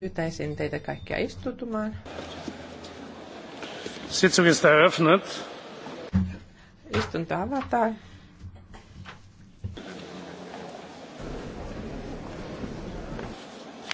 Pyytäisin teitä kaikkia istutumaan. Sitzung ist eröffnet. Istunto avataan.